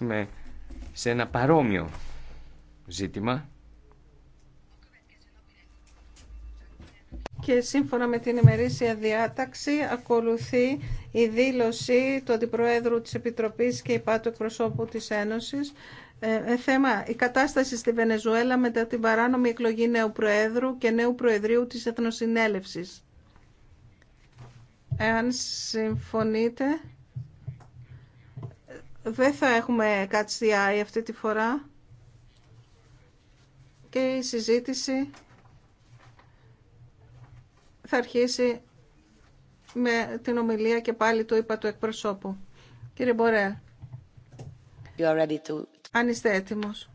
με σε ένα παρόμοιο ζήτημα. Και σύμφωνα με την ημερήσια διάταξη ακολουθεί η δήλωση του Αντιπροέδρου της Επιτροπής και υπάτου εκπροσώπου της Ένωσης ε, ε θέμα η κατάσταση στη Βενεζουέλα μετά την παράνομη εκλογή νέου Προέδρου και νέου Προεδρίου της Εθνοσυνέλευσης. Εάν συμφωνείτε... Δεν θα έχουμε κάτι αυτή τη φορά και η συζήτηση θα αρχίσει με την ομιλία και πάλι του είπα του εκπροσώπου. Κύριε Μπορέα, to... αν είστε έτοιμος.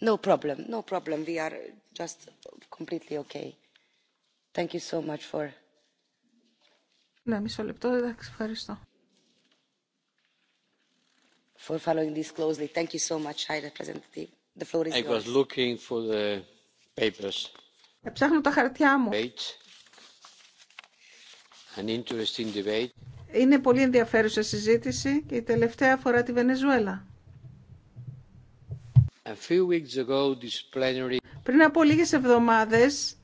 No problem, no problem. We are just completely okay. Thank you so much for ναι, μισό λεπτό, εντάξει, ευχαριστώ. For following this closely, thank you so much, High Representative. The floor is I was looking for the papers. Ψάχνω τα χαρτιά μου. An interesting debate. Είναι πολύ ενδιαφέρουσα συζήτηση και η τελευταία φορά τη Βενεζουέλα. A few weeks ago, this plenary... Πριν από λίγες εβδομάδες,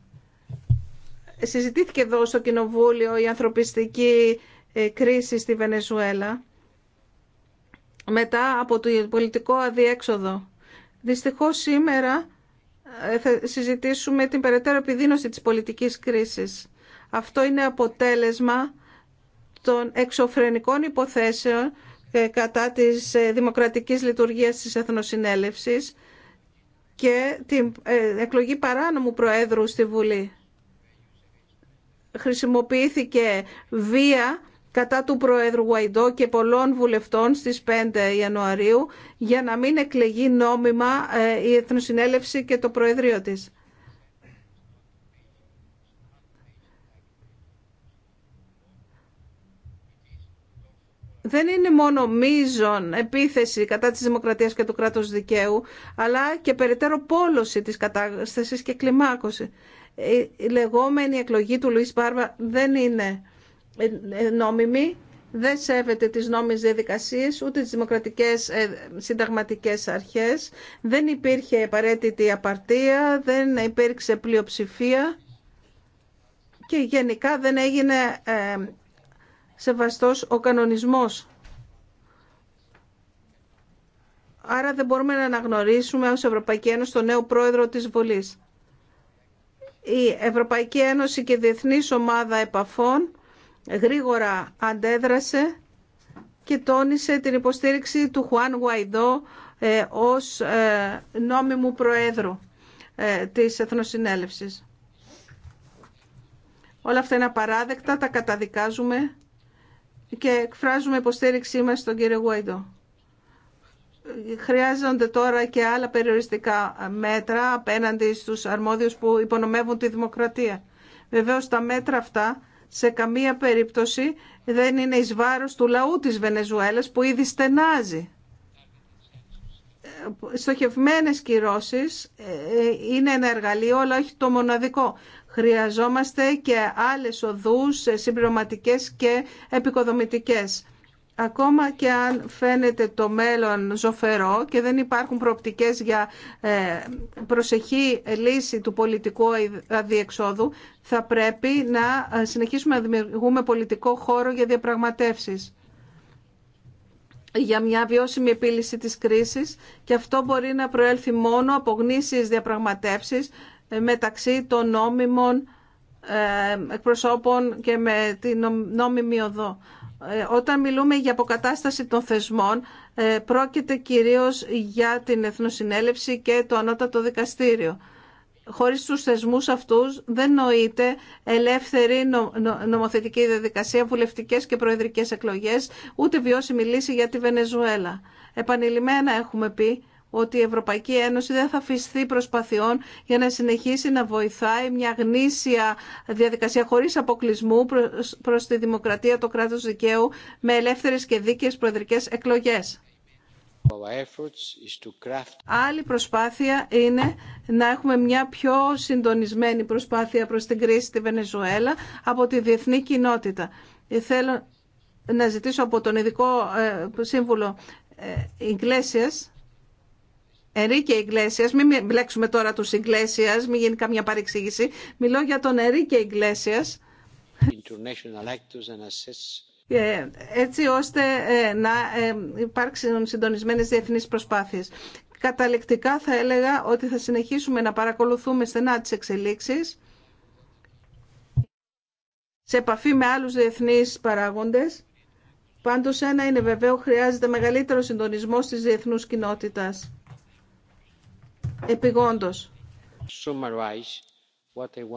συζητήθηκε εδώ στο Κοινοβούλιο η ανθρωπιστική ε, κρίση στη Βενεζουέλα μετά από το πολιτικό αδιέξοδο. Δυστυχώς σήμερα ε, θα συζητήσουμε την περαιτέρω επιδείνωση της πολιτικής κρίσης. Αυτό είναι αποτέλεσμα των εξωφρενικών υποθέσεων ε, κατά της δημοκρατικής λειτουργίας της Εθνοσυνέλευσης και την εκλογή παράνομου Προέδρου στη Βουλή χρησιμοποιήθηκε βία κατά του Προέδρου Γουαϊντό και πολλών βουλευτών στις 5 Ιανουαρίου για να μην εκλεγεί νόμιμα ε, η Εθνοσυνέλευση και το Προεδρείο της. δεν είναι μόνο μείζον επίθεση κατά της δημοκρατίας και του κράτους δικαίου, αλλά και περαιτέρω πόλωση της κατάστασης και κλιμάκωση η λεγόμενη εκλογή του Λουίς Μπάρβα δεν είναι νόμιμη, δεν σέβεται τις νόμιες διαδικασίες, ούτε τις δημοκρατικές ε, συνταγματικές αρχές, δεν υπήρχε απαραίτητη απαρτία, δεν υπήρξε πλειοψηφία και γενικά δεν έγινε ε, σεβαστός ο κανονισμός. Άρα δεν μπορούμε να αναγνωρίσουμε ως Ευρωπαϊκή Ένωση τον νέο πρόεδρο της Βουλής. Η Ευρωπαϊκή Ένωση και η Διεθνής Ομάδα Επαφών γρήγορα αντέδρασε και τόνισε την υποστήριξη του Χουάν Γουαϊδό ε, ως ε, νόμιμου προέδρου ε, της Εθνοσυνέλευσης. Όλα αυτά είναι απαράδεκτα, τα καταδικάζουμε και εκφράζουμε υποστήριξή μας στον κύριο Γουαϊδό χρειάζονται τώρα και άλλα περιοριστικά μέτρα απέναντι στους αρμόδιους που υπονομεύουν τη δημοκρατία. Βεβαίως τα μέτρα αυτά σε καμία περίπτωση δεν είναι εις βάρος του λαού της Βενεζουέλας που ήδη στενάζει. Στοχευμένες κυρώσεις ε, είναι ένα εργαλείο αλλά όχι το μοναδικό. Χρειαζόμαστε και άλλες οδούς ε, συμπληρωματικές και επικοδομητικές Ακόμα και αν φαίνεται το μέλλον ζωφερό και δεν υπάρχουν προοπτικές για ε, προσεχή λύση του πολιτικού αδιεξόδου, θα πρέπει να ε, συνεχίσουμε να δημιουργούμε πολιτικό χώρο για διαπραγματεύσεις για μια βιώσιμη επίλυση της κρίσης και αυτό μπορεί να προέλθει μόνο από γνήσιες διαπραγματεύσεις ε, μεταξύ των νόμιμων εκπροσώπων και με την νόμιμη οδό. Ε, όταν μιλούμε για αποκατάσταση των θεσμών, ε, πρόκειται κυρίως για την Εθνοσυνέλευση και το Ανώτατο Δικαστήριο. Χωρίς τους θεσμούς αυτούς δεν νοείται ελεύθερη νομοθετική διαδικασία, βουλευτικές και προεδρικές εκλογές, ούτε βιώσιμη λύση για τη Βενεζουέλα. Επανειλημμένα έχουμε πει ότι η Ευρωπαϊκή Ένωση δεν θα αφισθεί προσπαθειών για να συνεχίσει να βοηθάει μια γνήσια διαδικασία χωρίς αποκλεισμού προς τη δημοκρατία, το κράτος δικαίου με ελεύθερες και δίκαιες προεδρικές εκλογές. Άλλη προσπάθεια είναι να έχουμε μια πιο συντονισμένη προσπάθεια προς την κρίση στη Βενεζουέλα από τη διεθνή κοινότητα. Θέλω να ζητήσω από τον ειδικό ε, σύμβουλο ε, Ιγκλέσιας και Ιγκλέσια. μην μπλέξουμε τώρα του Ιγκλέσια, μην γίνει καμία παρεξήγηση. Μιλώ για τον και Ιγκλέσιας. Ε, έτσι ώστε ε, να ε, υπάρξουν συντονισμένες διεθνείς προσπάθειες. Καταληκτικά θα έλεγα ότι θα συνεχίσουμε να παρακολουθούμε στενά τις εξελίξεις σε επαφή με άλλους διεθνείς παράγοντες. Πάντως ένα είναι βεβαίω χρειάζεται μεγαλύτερο συντονισμό τη διεθνούς κοινότητα επιγόντως.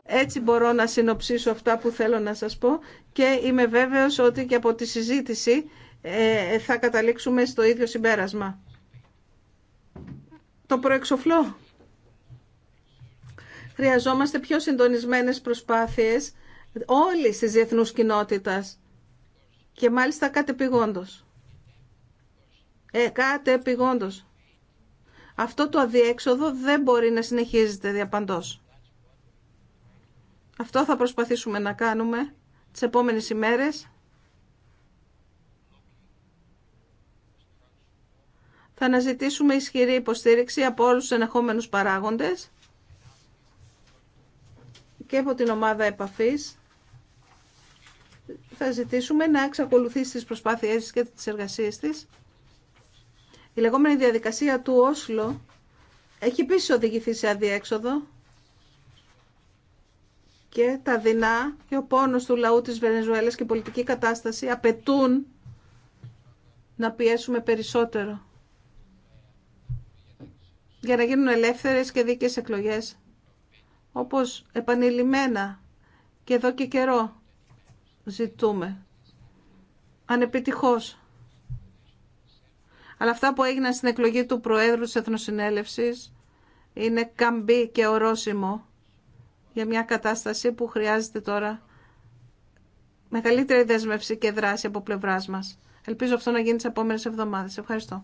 Έτσι μπορώ να συνοψίσω αυτά που θέλω να σας πω και είμαι βέβαιος ότι και από τη συζήτηση ε, θα καταλήξουμε στο ίδιο συμπέρασμα. Το προεξοφλώ. Χρειαζόμαστε πιο συντονισμένες προσπάθειες όλης της διεθνού κοινότητας και μάλιστα επιγόντως. Ε, αυτό το αδιέξοδο δεν μπορεί να συνεχίζεται διαπαντός. Αυτό θα προσπαθήσουμε να κάνουμε τις επόμενες ημέρες. Θα αναζητήσουμε ισχυρή υποστήριξη από όλους τους ενεχόμενους παράγοντες και από την ομάδα επαφής. Θα ζητήσουμε να εξακολουθήσει τις προσπάθειές και τις εργασίες της. Η λεγόμενη διαδικασία του Όσλο έχει πίσω οδηγηθεί σε αδιέξοδο και τα δεινά και ο πόνος του λαού της Βενεζουέλας και η πολιτική κατάσταση απαιτούν να πιέσουμε περισσότερο για να γίνουν ελεύθερες και δίκαιες εκλογές όπως επανειλημμένα και εδώ και καιρό ζητούμε ανεπιτυχώς αλλά αυτά που έγιναν στην εκλογή του Προέδρου της Εθνοσυνέλευσης είναι καμπή και ορόσημο για μια κατάσταση που χρειάζεται τώρα μεγαλύτερη δέσμευση και δράση από πλευρά μα. Ελπίζω αυτό να γίνει τι επόμενε εβδομάδε. Ευχαριστώ.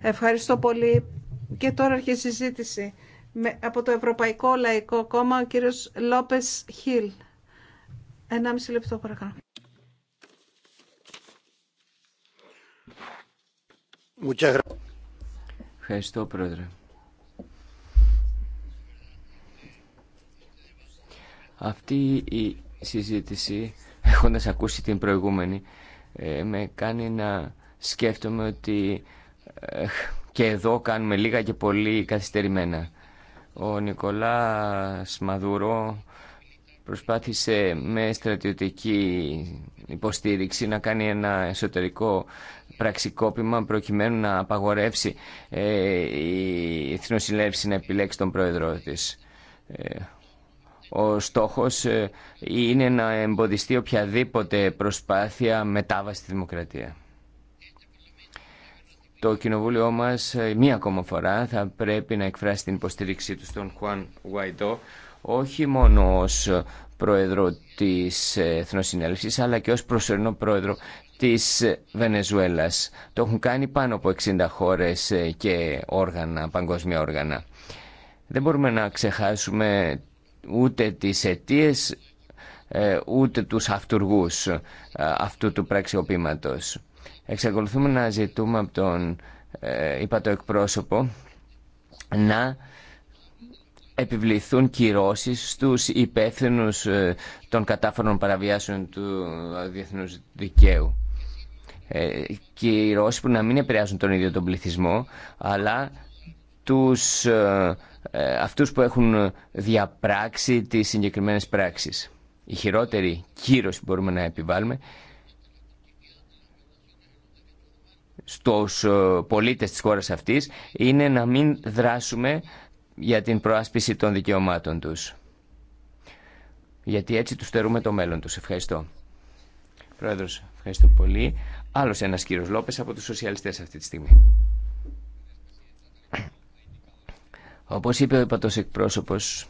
Ευχαριστώ πολύ. Και τώρα αρχίζει η συζήτηση. από το Ευρωπαϊκό Λαϊκό Κόμμα, ο κύριος Λόπες Χίλ. Ένα μισή λεπτό παρακαλώ. Ευχαριστώ, Πρόεδρε. Αυτή η συζήτηση, έχοντας ακούσει την προηγούμενη, ε, με κάνει να σκέφτομαι ότι ε, και εδώ κάνουμε λίγα και πολύ καθυστερημένα. Ο Νικολά Μαδουρό προσπάθησε με στρατιωτική υποστήριξη να κάνει ένα εσωτερικό πραξικόπημα προκειμένου να απαγορεύσει ε, η Εθνοσυνέλευση να επιλέξει τον πρόεδρό της. Ε, ο στόχος ε, είναι να εμποδιστεί οποιαδήποτε προσπάθεια μετάβαση στη δημοκρατία. Το κοινοβούλιο μας μία ακόμα φορά θα πρέπει να εκφράσει την υποστήριξή του στον Χουάν Γουαϊντό όχι μόνο ως πρόεδρο της Εθνοσυνέλευσης αλλά και ως προσωρινό πρόεδρο της Βενεζουέλας. Το έχουν κάνει πάνω από 60 χώρες ε, και όργανα, παγκόσμια όργανα. Δεν μπορούμε να ξεχάσουμε ούτε τις αιτίε ε, ούτε τους αυτούργους ε, αυτού του πραξιοπήματος. Εξακολουθούμε να ζητούμε από τον είπα το να επιβληθούν κυρώσεις στους υπεύθυνους των κατάφορων παραβιάσεων του διεθνούς δικαίου. Ε, και οι Ρώσοι που να μην επηρεάζουν τον ίδιο τον πληθυσμό, αλλά τους, ε, ε, αυτούς που έχουν διαπράξει τις συγκεκριμένες πράξεις. Η χειρότερη κύρωση που μπορούμε να επιβάλλουμε στους πολίτες της χώρας αυτής είναι να μην δράσουμε για την προάσπιση των δικαιωμάτων τους. Γιατί έτσι τους στερούμε το μέλλον τους. Ευχαριστώ. Πρόεδρος, ευχαριστώ πολύ. Άλλος ένας κύριος Λόπες από τους σοσιαλιστές αυτή τη στιγμή. Όπως είπε ο υπατός εκπρόσωπος,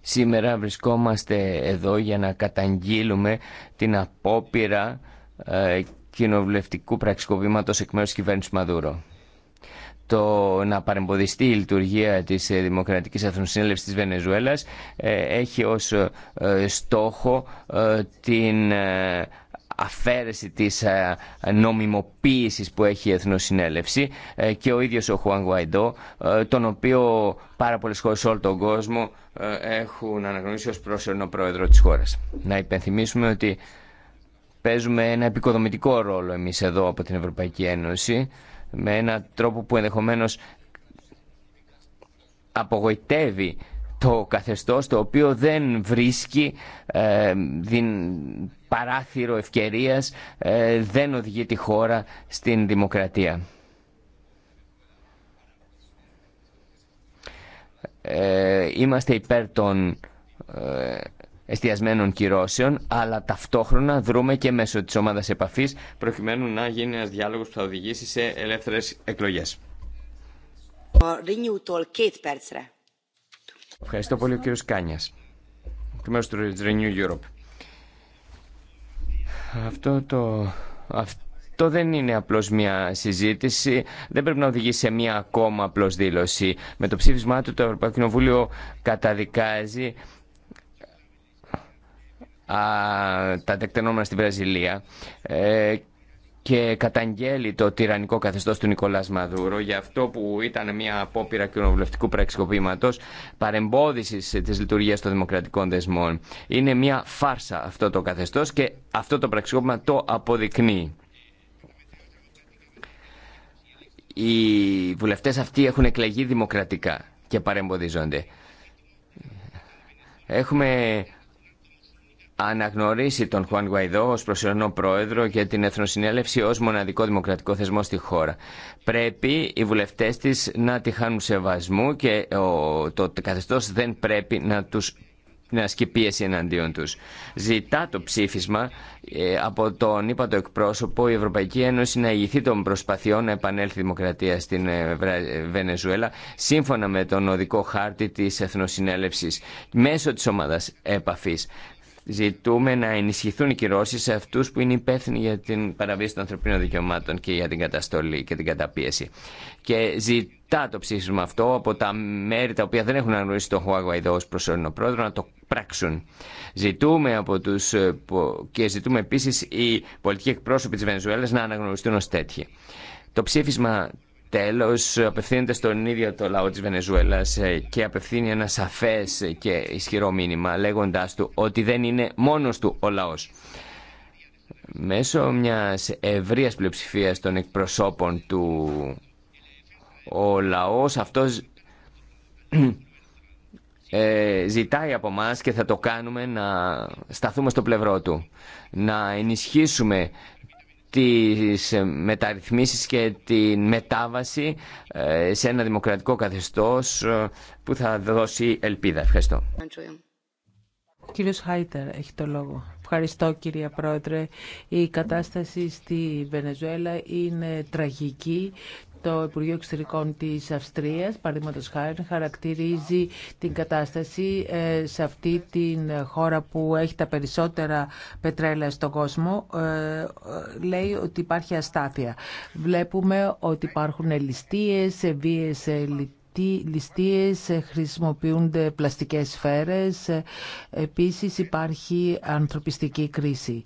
σήμερα βρισκόμαστε εδώ για να καταγγείλουμε την απόπειρα ε, κοινοβουλευτικού πραξικοβήματος εκ μέρους της κυβέρνησης Μαδούρο. Το να παρεμποδιστεί η λειτουργία της ε, Δημοκρατικής Αθνοσύνελευσης της Βενεζουέλας ε, έχει ως ε, στόχο την αφαίρεση της ε, νομιμοποίησης που έχει η Εθνοσυνέλευση ε, και ο ίδιος ο Χουάν Γουαϊντό, ε, τον οποίο πάρα πολλές χώρες σε όλο τον κόσμο έχουν αναγνωρίσει ως προσωρινό πρόεδρο της χώρας. Να υπενθυμίσουμε ότι παίζουμε ένα επικοδομητικό ρόλο εμείς εδώ από την Ευρωπαϊκή Ένωση με έναν τρόπο που ενδεχομένως απογοητεύει το καθεστώς το οποίο δεν βρίσκει ε, παράθυρο ευκαιρίας ε, δεν οδηγεί τη χώρα στην δημοκρατία. Ε, είμαστε υπέρ των ε, εστιασμένων κυρώσεων, αλλά ταυτόχρονα δρούμε και μέσω της ομάδας επαφής προκειμένου να γίνει ένας διάλογος που θα οδηγήσει σε ελεύθερες εκλογές. Ευχαριστώ πολύ ο κύριος Κάνιας. Εκ μέρους του Renew Europe. Αυτό, το, αυτό δεν είναι απλώς μια συζήτηση, δεν πρέπει να οδηγεί σε μια ακόμα απλώς δήλωση. Με το ψήφισμά του το Ευρωπαϊκό Κοινοβούλιο καταδικάζει α, τα τεκτενόμενα στη Βραζιλία ε, και καταγγέλει το τυραννικό καθεστώ του Νικολά Μαδούρο για αυτό που ήταν μια απόπειρα κοινοβουλευτικού πραξικοπήματο παρεμπόδιση τη λειτουργία των δημοκρατικών δεσμών. Είναι μια φάρσα αυτό το καθεστώ και αυτό το πραξικόπημα το αποδεικνύει. Οι βουλευτέ αυτοί έχουν εκλεγεί δημοκρατικά και παρεμποδίζονται. Έχουμε αναγνωρίσει τον Χουάν Γουαϊδό ως προσωρινό πρόεδρο για την Εθνοσυνέλευση ως μοναδικό δημοκρατικό θεσμό στη χώρα. Πρέπει οι βουλευτές της να τη χάνουν σεβασμού και το καθεστώς δεν πρέπει να τους να ασκεί πίεση εναντίον τους. Ζητά το ψήφισμα ε, από τον το εκπρόσωπο η Ευρωπαϊκή Ένωση να ηγηθεί των προσπαθειών να επανέλθει η δημοκρατία στην ε, Βενεζουέλα σύμφωνα με τον οδικό χάρτη της Εθνοσυνέλευσης μέσω της ομάδας επαφής. Ζητούμε να ενισχυθούν οι κυρώσει σε αυτού που είναι υπεύθυνοι για την παραβίαση των ανθρωπίνων δικαιωμάτων και για την καταστολή και την καταπίεση. Και ζητά το ψήφισμα αυτό από τα μέρη τα οποία δεν έχουν αναγνωρίσει τον Χουάγου ως ω προσωρινό πρόεδρο να το πράξουν. Ζητούμε από τους, και ζητούμε επίση οι πολιτικοί εκπρόσωποι τη Βενεζουέλα να αναγνωριστούν ω τέτοιοι. Το ψήφισμα τέλος απευθύνεται στον ίδιο το λαό της Βενεζουέλας ε, και απευθύνει ένα σαφές και ισχυρό μήνυμα λέγοντάς του ότι δεν είναι μόνος του ο λαός. Μέσω μιας ευρείας πλειοψηφίας των εκπροσώπων του ο λαός αυτός ε, ζητάει από μας και θα το κάνουμε να σταθούμε στο πλευρό του, να ενισχύσουμε τις ε, μεταρρυθμίσεις και την μετάβαση ε, σε ένα δημοκρατικό καθεστώς ε, που θα δώσει ελπίδα. Ευχαριστώ. Κύριος Χάιτερ έχει το λόγο. Ευχαριστώ κυρία Πρόεδρε. Η κατάσταση στη Βενεζουέλα είναι τραγική το Υπουργείο Εξωτερικών της Αυστρίας, παραδείγματο χάρη, χαρακτηρίζει την κατάσταση ε, σε αυτή την χώρα που έχει τα περισσότερα πετρέλαια στον κόσμο. Ε, ε, λέει ότι υπάρχει αστάθεια. Βλέπουμε ότι υπάρχουν ληστείες, βίες ληστείες, χρησιμοποιούνται πλαστικές σφαίρες, επίσης υπάρχει ανθρωπιστική κρίση.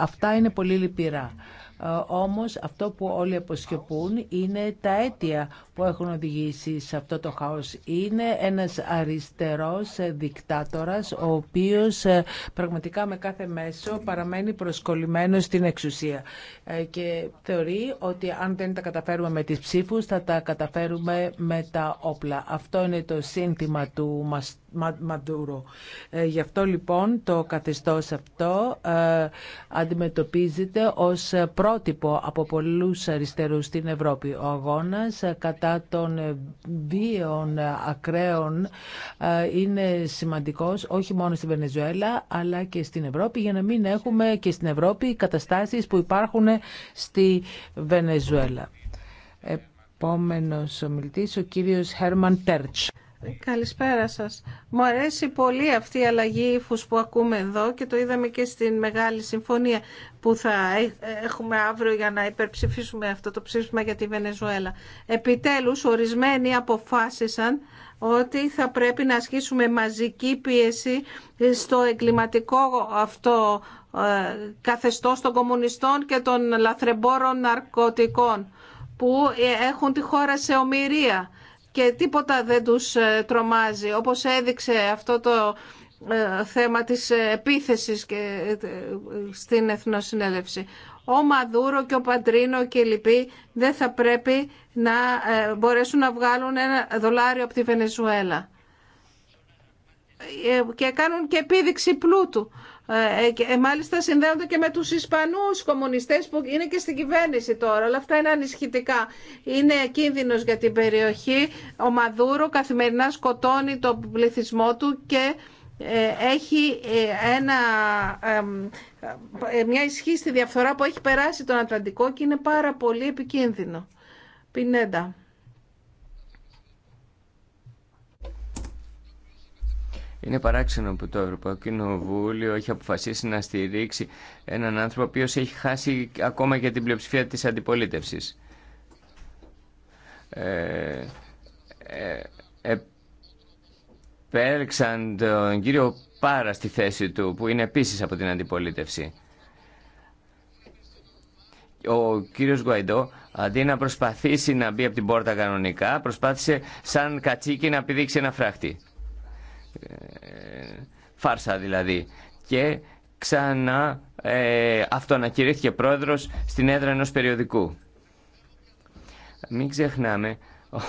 Αυτά είναι πολύ λυπηρά. Ε, όμως αυτό που όλοι αποσκεπούν είναι τα αίτια που έχουν οδηγήσει σε αυτό το χάος. Είναι ένας αριστερός δικτάτορας, ο οποίος ε, πραγματικά με κάθε μέσο παραμένει προσκολλημένος στην εξουσία ε, και θεωρεί ότι αν δεν τα καταφέρουμε με τις ψήφους θα τα καταφέρουμε με τα όπλα. Αυτό είναι το σύνθημα του Μαστού Μαντούρο. Ε, γι' αυτό λοιπόν το καθεστώς αυτό ε, αντιμετωπίζεται ως πρότυπο από πολλούς αριστερούς στην Ευρώπη. Ο αγώνας ε, κατά των βίων ακραίων είναι σημαντικός όχι μόνο στη Βενεζουέλα αλλά και στην Ευρώπη για να μην έχουμε και στην Ευρώπη καταστάσεις που υπάρχουν στη Βενεζουέλα. Επόμενος ομιλητής ο κύριος Χέρμαν Τέρτς. Καλησπέρα σας. Μου αρέσει πολύ αυτή η αλλαγή ύφους που ακούμε εδώ και το είδαμε και στην μεγάλη συμφωνία που θα ε, έχουμε αύριο για να υπερψηφίσουμε αυτό το ψήφισμα για τη Βενεζουέλα. Επιτέλους, ορισμένοι αποφάσισαν ότι θα πρέπει να ασκήσουμε μαζική πίεση στο εγκληματικό αυτό ε, καθεστώς των κομμουνιστών και των λαθρεμπόρων ναρκωτικών που ε, έχουν τη χώρα σε ομοιρία και τίποτα δεν τους ε, τρομάζει, όπως έδειξε αυτό το ε, θέμα της επίθεσης και ε, στην Εθνοσυνέλευση. Ο Μαδούρο και ο Παντρίνο και οι λοιποί δεν θα πρέπει να μπορέσουν να βγάλουν ένα δολάριο από τη Βενεζουέλα. Και κάνουν και επίδειξη πλούτου. Ε, ε, και ε, μάλιστα συνδέονται και με τους Ισπανούς κομμουνιστές που είναι και στην κυβέρνηση τώρα. Αλλά αυτά είναι ανισχυτικά Είναι κίνδυνος για την περιοχή. Ο Μαδούρο καθημερινά σκοτώνει τον πληθυσμό του και έχει ένα, μια ισχύ στη διαφθορά που έχει περάσει τον Ατλαντικό και είναι πάρα πολύ επικίνδυνο. Πινέντα. Είναι παράξενο που το Ευρωπαϊκό Κοινοβούλιο έχει αποφασίσει να στηρίξει έναν άνθρωπο ο οποίος έχει χάσει ακόμα και την πλειοψηφία της αντιπολίτευσης. Ε, ε, ε επέλεξαν τον κύριο Πάρα στη θέση του που είναι επίσης από την αντιπολίτευση. Ο κύριος Γκουαϊντό αντί να προσπαθήσει να μπει από την πόρτα κανονικά προσπάθησε σαν κατσίκι να πηδήξει ένα φράχτη. Ε, φάρσα δηλαδή και ξανά ε, αυτοανακηρύχθηκε πρόεδρος στην έδρα ενός περιοδικού. Μην ξεχνάμε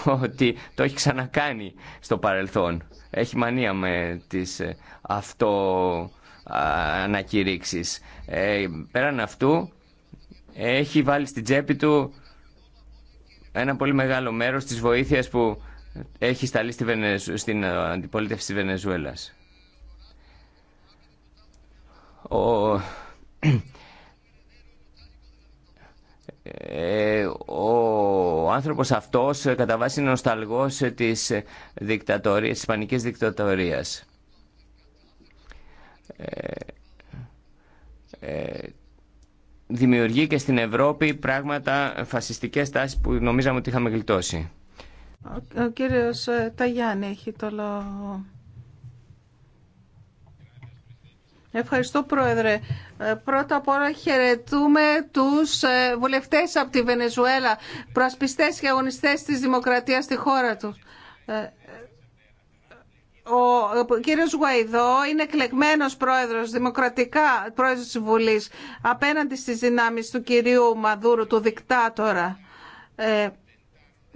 ότι το έχει ξανακάνει στο παρελθόν. Έχει μανία με τις ε, αυτοανακηρύξεις. Ε, πέραν αυτού έχει βάλει στην τσέπη του ένα πολύ μεγάλο μέρος της βοήθειας που έχει σταλεί στη Βενεζου... στην ε, αντιπολίτευση της Βενεζουέλας. Ο... ο άνθρωπος αυτός ε, κατά βάση είναι νοσταλγός ε, της δικτατορίας, της ισπανικής δικτατορίας. δημιουργεί και στην Ευρώπη πράγματα φασιστικές τάσεις που νομίζαμε ότι είχαμε γλιτώσει. Ο κύριος ε, Ταγιάννη έχει το λόγο. Ευχαριστώ Πρόεδρε. Ε, πρώτα απ' όλα χαιρετούμε τους ε, βουλευτές από τη Βενεζουέλα, προασπιστές και αγωνιστές της δημοκρατίας στη χώρα του. Ο κύριος Γουαϊδό είναι εκλεγμένος πρόεδρος, δημοκρατικά πρόεδρος της Βουλής, απέναντι στις δυνάμεις του κυρίου Μαδούρου, του δικτάτορα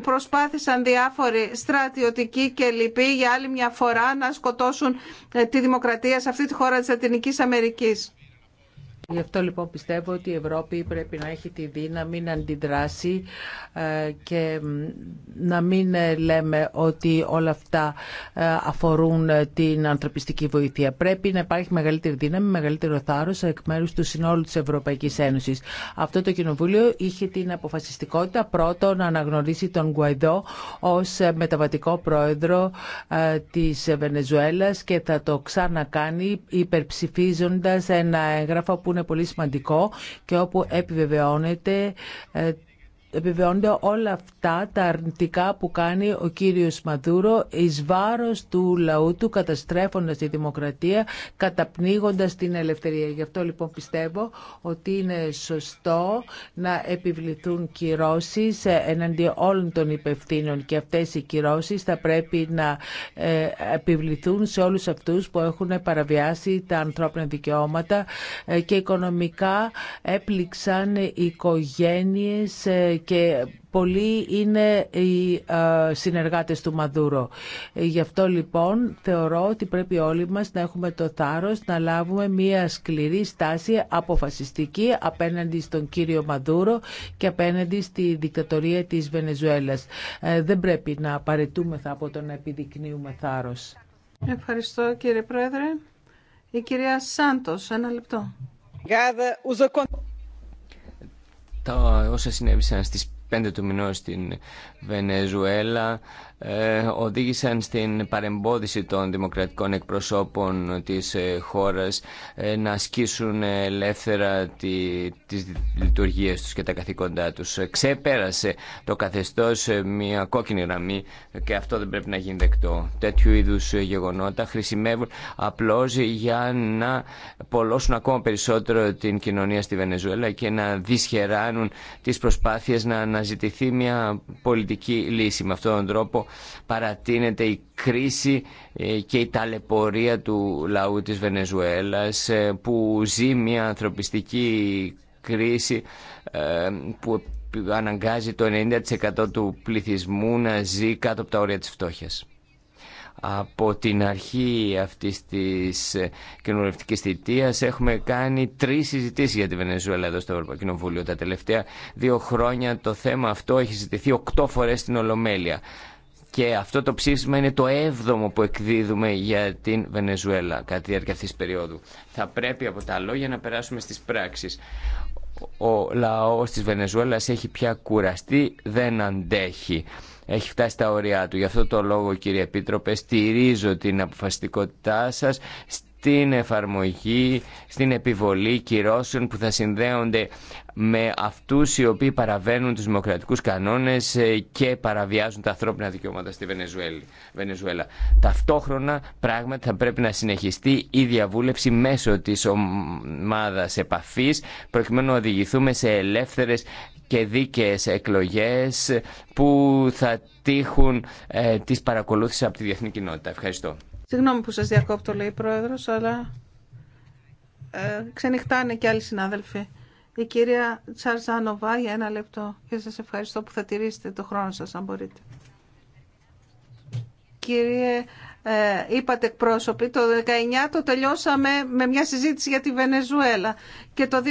προσπάθησαν διάφοροι στρατιωτικοί και λοιποί για άλλη μια φορά να σκοτώσουν ε, τη δημοκρατία σε αυτή τη χώρα της Λατινικής Αμερικής. Γι' αυτό λοιπόν πιστεύω ότι η Ευρώπη πρέπει να έχει τη δύναμη να αντιδράσει ε, και να μην ε, λέμε ότι όλα αυτά ε, αφορούν την ανθρωπιστική βοήθεια. Πρέπει να υπάρχει μεγαλύτερη δύναμη, μεγαλύτερο θάρρος εκ μέρους του συνόλου της Ευρωπαϊκής Ένωσης. Αυτό το Κοινοβούλιο είχε την αποφασιστικότητα πρώτο να αναγνωρίσει τον Γκουαϊδό ως μεταβατικό πρόεδρο της Βενεζουέλας και θα το ξανακάνει υπερψηφίζοντας ένα έγγραφο που που είναι πολύ σημαντικό και όπου επιβεβαιώνεται ε, επιβεβαιώνονται όλα αυτά τα αρνητικά που κάνει ο κύριος Μαδούρο εις βάρος του λαού του καταστρέφοντας τη δημοκρατία, καταπνίγοντας την ελευθερία. Γι' αυτό λοιπόν πιστεύω ότι είναι σωστό να επιβληθούν κυρώσεις ε, εναντί όλων των υπευθύνων και αυτές οι κυρώσεις θα πρέπει να ε, επιβληθούν σε όλους αυτούς που έχουν παραβιάσει τα ανθρώπινα δικαιώματα ε, και οικονομικά έπληξαν οικογένειες και πολλοί είναι οι ε, συνεργάτες του Μαδούρο. Γι' αυτό λοιπόν θεωρώ ότι πρέπει όλοι μας να έχουμε το θάρρος να λάβουμε μια σκληρή στάση αποφασιστική απέναντι στον κύριο Μαδούρο και απέναντι στη δικτατορία της Βενεζουέλας. Ε, δεν πρέπει να παρετούμεθα από το να επιδεικνύουμε θάρρος. Ευχαριστώ κύριε Πρόεδρε. Η κυρία Σάντος, ένα λεπτό τα όσα συνέβησαν στις 25 του μηνός στην Βενεζουέλα ε, οδήγησαν στην παρεμπόδιση των δημοκρατικών εκπροσώπων της ε, χώρας ε, να ασκήσουν ελεύθερα τη, τις λειτουργίες τους και τα καθήκοντά τους. Ξέπερασε το καθεστώς μια κόκκινη γραμμή και αυτό δεν πρέπει να γίνει δεκτό. Τέτοιου είδους γεγονότα χρησιμεύουν απλώς για να πολλώσουν ακόμα περισσότερο την κοινωνία στη Βενεζουέλα και να δυσχεράνουν τις προσπάθειες να αναζητηθεί μια πολιτική λύση. Με αυτόν τον τρόπο παρατείνεται η κρίση ε, και η ταλαιπωρία του λαού της Βενεζουέλας ε, που ζει μια ανθρωπιστική κρίση ε, που αναγκάζει το 90% του πληθυσμού να ζει κάτω από τα όρια της φτώχειας. Από την αρχή αυτής της κοινωνιστικής θητείας έχουμε κάνει τρεις συζητήσεις για τη Βενεζουέλα εδώ στο Ευρωπαϊκό Κοινοβούλιο. Τα τελευταία δύο χρόνια το θέμα αυτό έχει συζητηθεί οκτώ φορές στην Ολομέλεια. Και αυτό το ψήφισμα είναι το έβδομο που εκδίδουμε για την Βενεζουέλα κατά τη διάρκεια αυτής της περίοδου. Θα πρέπει από τα λόγια να περάσουμε στις πράξεις. Ο λαός της Βενεζουέλας έχει πια κουραστεί, δεν αντέχει έχει φτάσει στα ωριά του. Γι' αυτό το λόγο, κύριε Επίτροπε, στηρίζω την αποφασιστικότητά σα στην εφαρμογή, στην επιβολή κυρώσεων που θα συνδέονται με αυτούς οι οποίοι παραβαίνουν τους δημοκρατικούς κανόνες ε, και παραβιάζουν τα ανθρώπινα δικαιώματα στη Βενεζουέλα. Ταυτόχρονα πράγματι θα πρέπει να συνεχιστεί η διαβούλευση μέσω της ομάδας επαφής προκειμένου να οδηγηθούμε σε ελεύθερες και δίκαιες εκλογές που θα τύχουν ε, τις παρακολούθησης από τη διεθνή κοινότητα. Ευχαριστώ. Συγγνώμη που σας διακόπτω, λέει η Πρόεδρος, αλλά ε, ξενυχτάνε και άλλοι συνάδελφοι. Η κυρία Τσαρζάνοβα για ένα λεπτό και σας ευχαριστώ που θα τηρήσετε το χρόνο σας, αν μπορείτε. Κύριε, ε, είπατε εκπρόσωποι, το 19 το τελειώσαμε με μια συζήτηση για τη Βενεζουέλα και το 2020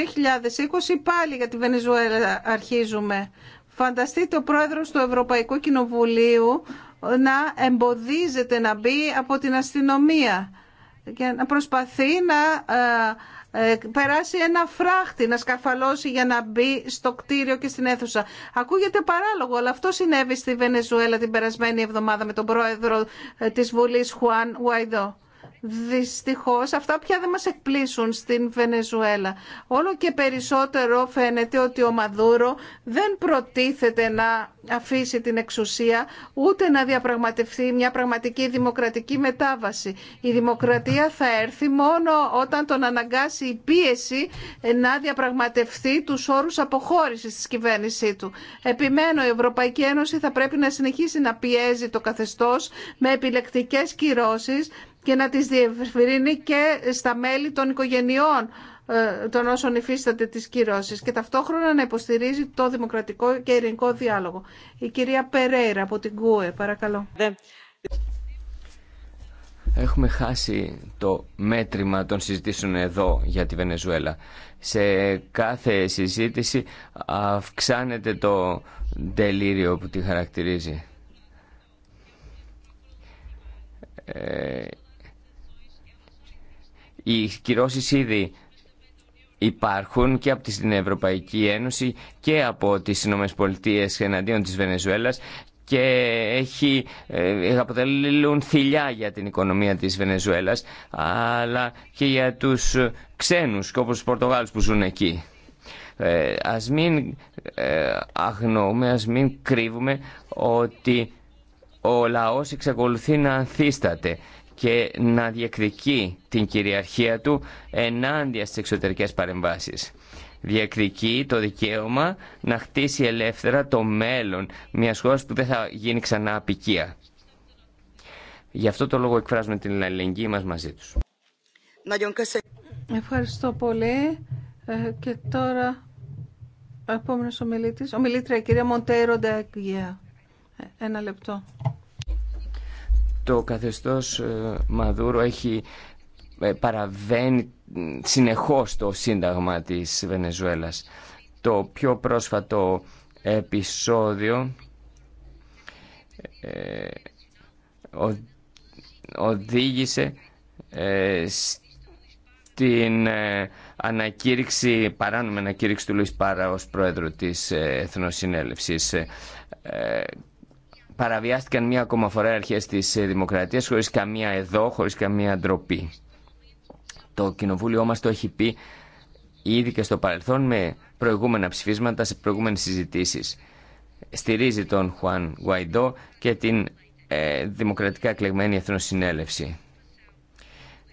πάλι για τη Βενεζουέλα αρχίζουμε. Φανταστείτε ο πρόεδρος του Ευρωπαϊκού Κοινοβουλίου να εμποδίζεται να μπει από την αστυνομία και να προσπαθεί να ε, ε, περάσει ένα φράχτη, να σκαρφαλώσει για να μπει στο κτίριο και στην αίθουσα. Ακούγεται παράλογο, αλλά αυτό συνέβη στη Βενεζουέλα την περασμένη εβδομάδα με τον πρόεδρο ε, της Βουλής Χουάν Γουαϊδό. Δυστυχώς αυτά πια δεν μας εκπλήσουν στην Βενεζουέλα. Όλο και περισσότερο φαίνεται ότι ο Μαδούρο δεν προτίθεται να αφήσει την εξουσία ούτε να διαπραγματευτεί μια πραγματική δημοκρατική μετάβαση. Η δημοκρατία θα έρθει μόνο όταν τον αναγκάσει η πίεση να διαπραγματευτεί τους όρους αποχώρησης της κυβέρνησή του. Επιμένω, η Ευρωπαϊκή Ένωση θα πρέπει να συνεχίσει να πιέζει το καθεστώς με επιλεκτικές κυρώσεις και να τις διευρυνεί και στα μέλη των οικογενειών ε, των όσων υφίσταται τις κυρώσεις και ταυτόχρονα να υποστηρίζει το δημοκρατικό και ειρηνικό διάλογο. Η κυρία Περέιρα από την ΚΟΕ, παρακαλώ. Ναι. Έχουμε χάσει το μέτρημα των συζητήσεων εδώ για τη Βενεζουέλα. Σε κάθε συζήτηση αυξάνεται το τελείριο που τη χαρακτηρίζει. Ε, οι κυρώσεις ήδη υπάρχουν και από την Ευρωπαϊκή Ένωση και από τις Ηνωμένες Πολιτείες εναντίον της Βενεζουέλας και έχει, ε, αποτελούν θηλιά για την οικονομία της Βενεζουέλας αλλά και για τους ξένους και όπως τους Πορτογάλους που ζουν εκεί. Ε, ας μην ε, αγνοούμε, ας μην κρύβουμε ότι ο λαός εξακολουθεί να ανθίσταται και να διεκδικεί την κυριαρχία του ενάντια στις εξωτερικές παρεμβάσεις. Διεκδικεί το δικαίωμα να χτίσει ελεύθερα το μέλλον μιας χώρας που δεν θα γίνει ξανά απικία. Γι' αυτό το λόγο εκφράζουμε την αλληλεγγύη μας μαζί τους. Ευχαριστώ πολύ. Ε, και τώρα επόμενος ομιλήτης, ομιλήτρια η κυρία Μοντέρο γία ε, Ένα λεπτό το καθεστώς ε, Μαδούρο έχει ε, παραβαίνει συνεχώς το σύνταγμα της Βενεζουέλας. Το πιο πρόσφατο επεισόδιο ε, οδήγησε στην ανακήρυξη, παράνομη ανακήρυξη του Λουίς Πάρα ως πρόεδρο της Εθνοσυνέλευσης παραβιάστηκαν μία ακόμα φορά οι αρχές της ε, δημοκρατίας χωρίς καμία εδώ, χωρίς καμία ντροπή. Το κοινοβούλιο μας το έχει πει ήδη και στο παρελθόν με προηγούμενα ψηφίσματα σε προηγούμενες συζητήσεις. Στηρίζει τον Χουάν Γουαϊντό και την ε, δημοκρατικά εκλεγμένη Εθνοσυνέλευση.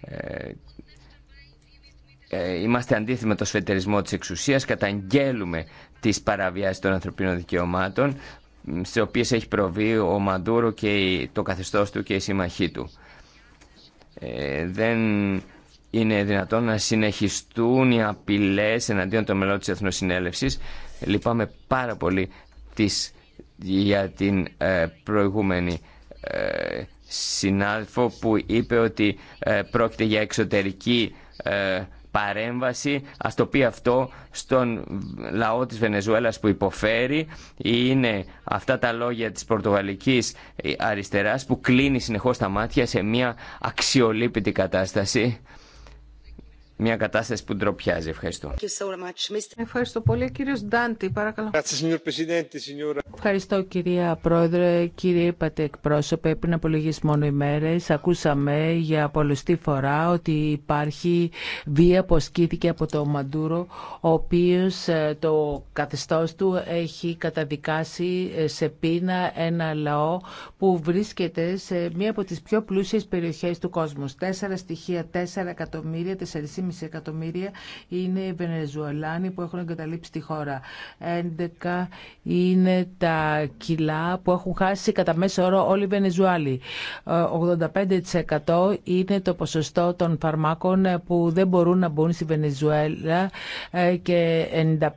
Ε, ε, είμαστε αντίθετοι με το σφετερισμό της εξουσίας, καταγγέλουμε τις παραβιάσεις των ανθρωπίνων δικαιωμάτων σε οποίε έχει προβεί ο Μαντούρο και το καθεστώ του και η συμμαχή του. Ε, δεν είναι δυνατόν να συνεχιστούν οι απειλέ εναντίον των μελών της εθνοσυνέλευση. Λυπάμαι πάρα πολύ της, για την ε, προηγούμενη ε, συνάδελφο που είπε ότι ε, πρόκειται για εξωτερική παρέμβαση. Ας το πει αυτό στον λαό της Βενεζουέλας που υποφέρει. Είναι αυτά τα λόγια της πορτογαλικής ε, αριστεράς που κλείνει συνεχώς τα μάτια σε μια αξιολύπητη κατάσταση μια κατάσταση που ντροπιάζει. Ευχαριστώ. Ευχαριστώ πολύ. Κύριο Ντάντι, παρακαλώ. Ευχαριστώ, κυρία Πρόεδρε. Κύριε, είπατε εκπρόσωπε, πριν από λίγε μόνο ημέρε, ακούσαμε για πολλωστή φορά ότι υπάρχει βία που ασκήθηκε από το Μαντούρο, ο οποίο ε, το καθεστώ του έχει καταδικάσει ε, σε πείνα ένα λαό που βρίσκεται σε μία από τι πιο πλούσιε περιοχέ του κόσμου. Τέσσερα στοιχεία, τέσσερα εκατομμύρια, εκατομμύρια είναι οι Βενεζουελάνοι που έχουν εγκαταλείψει τη χώρα. 11 είναι τα κιλά που έχουν χάσει κατά μέσο όρο όλοι οι Βενεζουάλοι. 85% ε, είναι το ποσοστό των φαρμάκων που δεν μπορούν να μπουν στη Βενεζουέλα ε, και 95%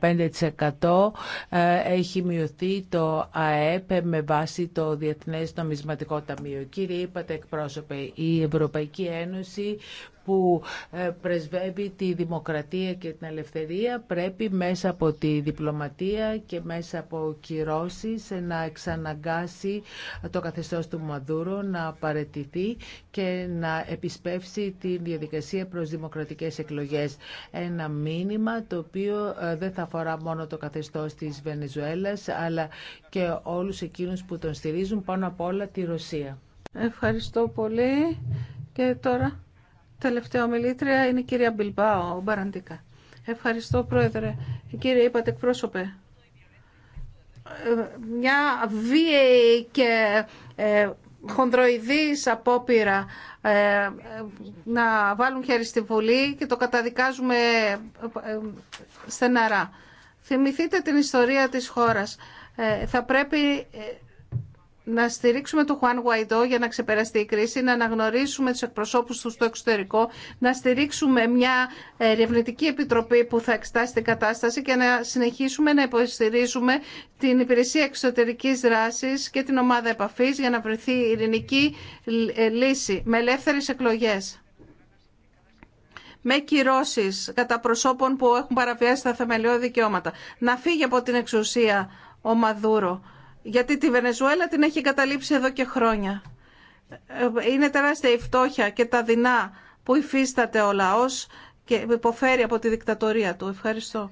ε, έχει μειωθεί το ΑΕΠ με βάση το Διεθνές Νομισματικό Ταμείο. Κύριε, είπατε εκπρόσωπε, η Ευρωπαϊκή Ένωση που ε, πρεσβεύει τη δημοκρατία και την ελευθερία πρέπει μέσα από τη διπλωματία και μέσα από κυρώσεις να εξαναγκάσει το καθεστώς του Μαδούρο να παρετηθεί και να επισπεύσει τη διαδικασία προς δημοκρατικές εκλογές. Ένα μήνυμα το οποίο ε, δεν θα αφορά μόνο το καθεστώς της Βενεζουέλας αλλά και όλους εκείνους που τον στηρίζουν πάνω απ' όλα τη Ρωσία. Ευχαριστώ πολύ. Και τώρα Τελευταία ομιλήτρια είναι η κυρία Μπιλμπάο Μπαραντίκα. Ευχαριστώ, Πρόεδρε. Κύριε, είπατε εκπρόσωπε. Μια βίαιη και ε, χονδροειδής απόπειρα ε, να βάλουν χέρι στη Βουλή και το καταδικάζουμε ε, στεναρά. Θυμηθείτε την ιστορία της χώρας. Θα πρέπει να στηρίξουμε τον Χουάν Γουαϊδό για να ξεπεραστεί η κρίση, να αναγνωρίσουμε τους εκπροσώπους του στο εξωτερικό, να στηρίξουμε μια ε, ερευνητική επιτροπή που θα εξετάσει την κατάσταση και να συνεχίσουμε να υποστηρίζουμε την Υπηρεσία Εξωτερικής Δράσης και την Ομάδα Επαφής για να βρεθεί η ειρηνική ε, λύση με ελεύθερες εκλογές με κυρώσει κατά προσώπων που έχουν παραβιάσει τα θεμελιώδη δικαιώματα. Να φύγει από την εξουσία ο Μαδούρο γιατί τη Βενεζουέλα την έχει καταλήψει εδώ και χρόνια. Ε, είναι τεράστια η φτώχεια και τα δεινά που υφίσταται ο λαός και υποφέρει από τη δικτατορία του. Ευχαριστώ.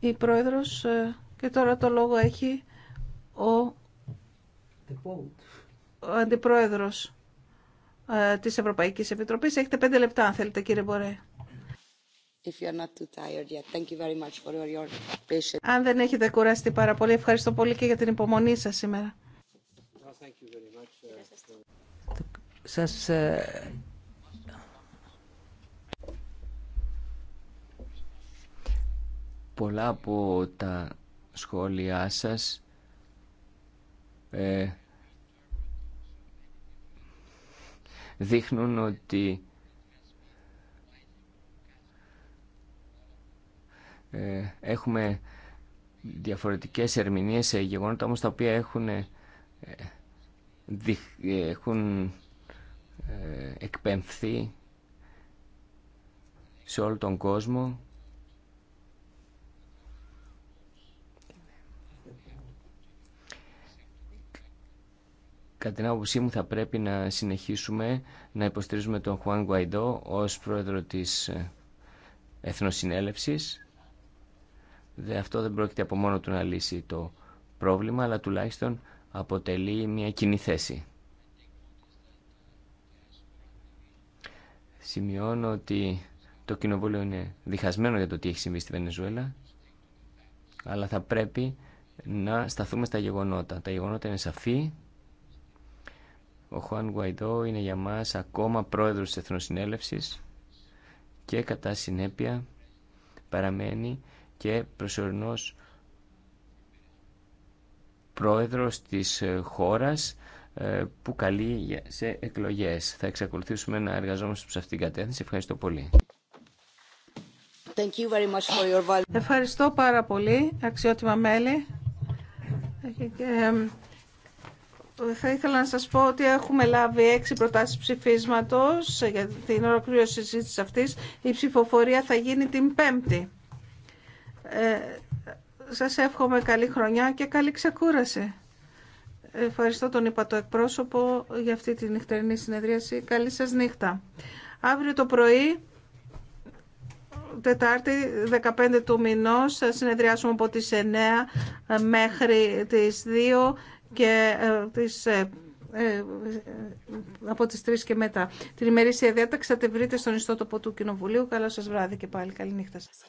Η Πρόεδρος ε, και τώρα το λόγο έχει ο, ο Αντιπρόεδρος ε, της Ευρωπαϊκής Επιτροπής. Έχετε πέντε λεπτά αν θέλετε κύριε Μπορέ. Αν δεν έχετε κουραστεί πάρα πολύ, ευχαριστώ πολύ και για την υπομονή σας σήμερα. Uh, σας ε, πολλά από τα σχόλιά σας ε, δείχνουν ότι Ε, έχουμε διαφορετικές ερμηνείες σε γεγονότα όμως τα οποία έχουν, ε, ε, έχουν εκπέμφθει σε όλο τον κόσμο κατά την άποψή μου θα πρέπει να συνεχίσουμε να υποστηρίζουμε τον Χουάν Γκουαϊντό ως πρόεδρο της Εθνοσυνέλευσης αυτό δεν πρόκειται από μόνο του να λύσει το πρόβλημα, αλλά τουλάχιστον αποτελεί μια κοινή θέση. Σημειώνω ότι το κοινοβούλιο είναι διχασμένο για το τι έχει συμβεί στη Βενεζουέλα, αλλά θα πρέπει να σταθούμε στα γεγονότα. Τα γεγονότα είναι σαφή. Ο Χουάν Γουαϊδό είναι για μας ακόμα πρόεδρος της Εθνοσυνέλευσης και κατά συνέπεια παραμένει και προσωρινός πρόεδρος της ε, χώρας ε, που καλεί σε εκλογές. Θα εξακολουθήσουμε να εργαζόμαστε σε αυτήν την κατεύθυνση. Ευχαριστώ πολύ. Thank you very much for your... Ευχαριστώ πάρα πολύ, αξιότιμα μέλη. Ε, θα ήθελα να σας πω ότι έχουμε λάβει έξι προτάσεις ψηφίσματος για την ολοκλήρωση της συζήτησης αυτής. Η ψηφοφορία θα γίνει την Πέμπτη. Ε, σας εύχομαι καλή χρονιά και καλή ξεκούραση. Ευχαριστώ τον είπα εκπρόσωπο για αυτή τη νυχτερινή συνεδρίαση. Καλή σας νύχτα. Αύριο το πρωί, Τετάρτη, 15 του μηνός, θα συνεδριάσουμε από τις 9 μέχρι τις 2 και ε, τις ε, ε, από τις 3 και μετά. Την ημερήσια διάταξη θα τη βρείτε στον ιστότοπο του Κοινοβουλίου. Καλό σας βράδυ και πάλι. Καλή νύχτα σας.